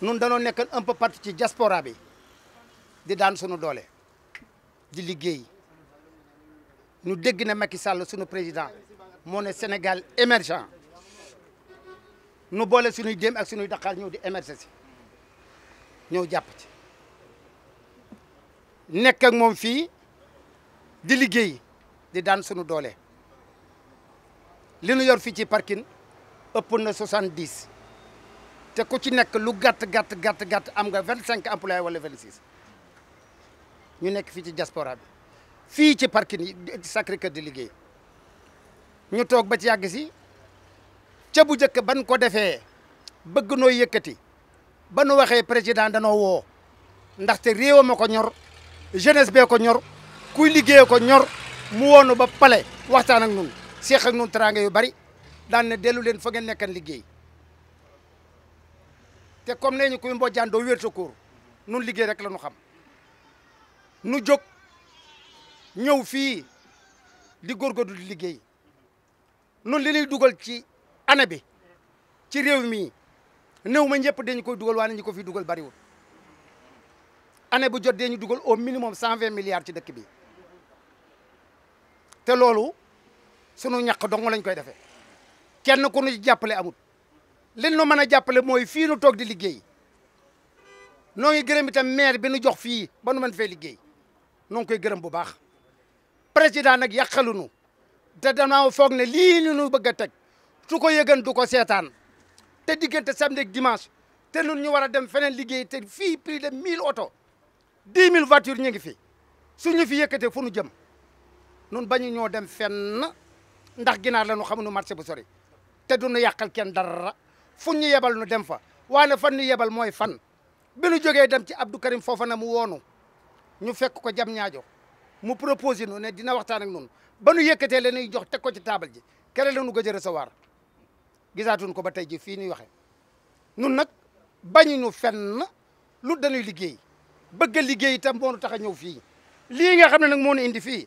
Nous avons un peu de la diaspora bi di nos de doole Nous liggéey ñu Macky Sall président Nous Sénégal émergent nous de sunuy déem ak sunuy émerger Nous di daan sunu doole li nu yor fii ci parking ëpp na soixante-dix te ku ci nekk lu gàtt gàtt gàtt gàtt am nga vingt-cinq employés wala vingt-six ñu nekk fii ci diaspora bi fii ci parking yi Sacré-Cœur di liggéey ñu toog ba ci yàgg si ca bu njëkk ban ko defee bëgg noo yëkkati ba nu waxee président danoo woo ndaxte réew ma ko ñor jeunesse bee ko ñor kuy liggéey ko ñor mu wonu ba pale waxtan ak nun cheikh ak nun teraanga yu bari dal na delu len fa ngeen nekkal liggéey té comme néñu ñu kuy mbojjaan doo wéerta kóor nun liggéey rek lañu xam nu jog ñew fi di góorgóorlu di liggéey nun li lay duggal ci année bi ci réew mi néew ma ñëpp koy duggal waaye ñi ko fi bari wu année bu jot dañu duggal au minimum 120 milliards ci dëkk bi te loolu sunu ñàkk dong lañ koy defee kenn ku ñu jàppale amut liñ nu mën a jàppale mooy fii nu toog di liggéey noo ngi gërëm itam maire bi nu jox fii ba nu mën fee liggéey noo ngi koy gërëm bu baax président nag yàqalunu te danaa foog ne lii li nu bëgg a teg su ko yëgan du ko seetaan te diggante samedi ak dimanche te nun ñu war a dem feneen liggéey te fii plus de 1000 oto 10 000 voitures ñu ngi fi ñu fi yëkkatee fu nu jëm nun bañu ñoo dem fenn ndax ginaar la ñu xam nu marché bu sori te du nu yàqal kenn dara fu ñu yebal nu dem fa waane fan ñu yebal mooy fan bi nu jógee dem ci Abdou Karim Fofana mu woonu ñu fekk ko jam ñaajo mu proposé nu ne dina waxtaan ak nun ba nu yëkkatee la ñuy jox teg ko ci taabal ji kere la nu gëj sawar recevoir gisaatuñ ko ba tey ji fii ñuy waxe nun nag bañuñu fenn lu dañuy liggéey bëgga liggéey itam moo nu tax a ñëw fii lii nga xam ne nag moo nu indi fii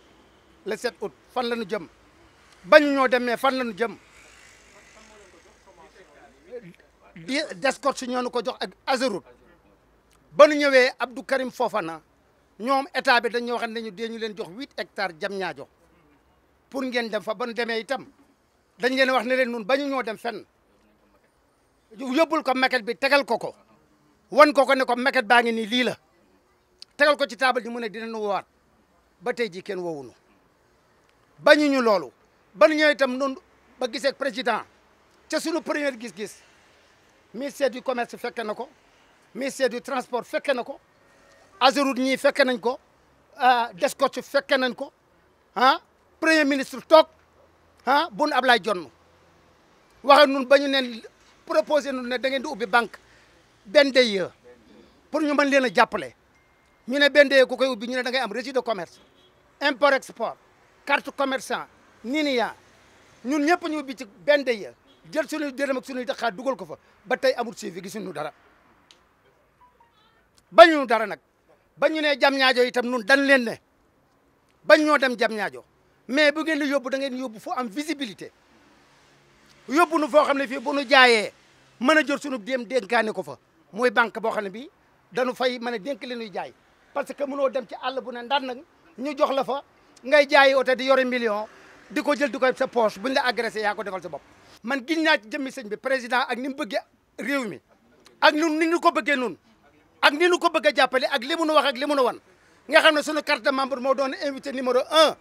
le 7 fan la ñu jëm bañu ñoo demee fan la ñu jëm Descorche ñoo nu ko jox ak Ageroute ba nu ñëwee Abdou Karim Fofana ñoom état bi dañu wax ne ñu dee ñu leen jox huit hectares jam ñaajo pour ngeen dem fa ba nu demee itam dañ leen wax ne leen nun bañu ñoo dem fenn yóbbul ko maquette bi tegal ko ko wan ko ko ne ko maquette baa ngi ni lii la tegal ko ci taabal ji mu ne dinañu woowaat ba tey jii kenn woowuñu ñu loolu ban ñooy itam noonu ba gisee président ca suñu première gis-gis ministère du commerce fekke na ko ministère du transport fekke na ko Ageroute ñii fekke nañ ko ah, Descoche fekke nañ ko ah premier ministre toog ah bun Ablaye Jonn waxe nun ba ñu neen proposé nun ne da ngeen di ubbi banque benn DIE pour ñu mën leen a jàppale ñu ne benn DIE ku koy ubbi ñu ne da ngay am registre de commerce import export carte commerçant NINIA ñun ñëpp ñu ubbi ci benn ya jël suñuy dërëm ak suñuy taxaat dugal ko fa ba tey amul suivi gisuñu dara bañu dara nag ñu ne jam ñaajo itam nun dañ leen ne bañ ñoo dem jam ñaajo mais bu ngeen di yóbbu da ngeen yóbbu foo am visibilité yóbbu nu foo xam ne fii bu nu jaayee mën a jël suñu dem dénkaane ko fa muy banque boo xam ne bii dañu fay mën a dénk li ñuy jaay parce que mënoo dem ci àll bu ne ndar nag ñu jox la fa ngay jaay oto di yore million di ko jël di koy sa poche buñ la agressé yaa ko defal sa bopp. man gis naa ci jëmmi bi président ak ni mu bëggee réew mi ak ñun ni ñu ko bëggee nun ak ni ñu ko bëgg a jàppale ak li mu nu wax ak li mu nu wan nga xam ne sunu carte de membre moo doon invité numéro un.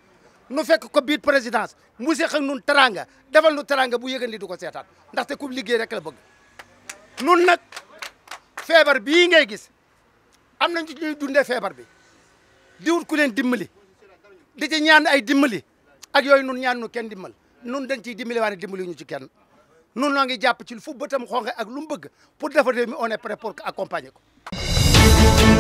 nu fekk ko biir présidence mu seq ak nun taranga defal nu taranga bu yëgan li du ko seetaan ndaxte ku liggéey rek la bëgg nun nag feebar bii ngay gis am nañ ci ñuy dundee feebar bi di ku leen dimbali di ci ñaan ay dimbali ak yooyu nun ñaan nu kenn dimbal nun dañ ciy dimbali waane dimbali ñu ci kenn nun noo ngi jàpp ci fu bëtam xonqe ak lu mu bëgg pour defar réew mi on est prêt pour accompagner ko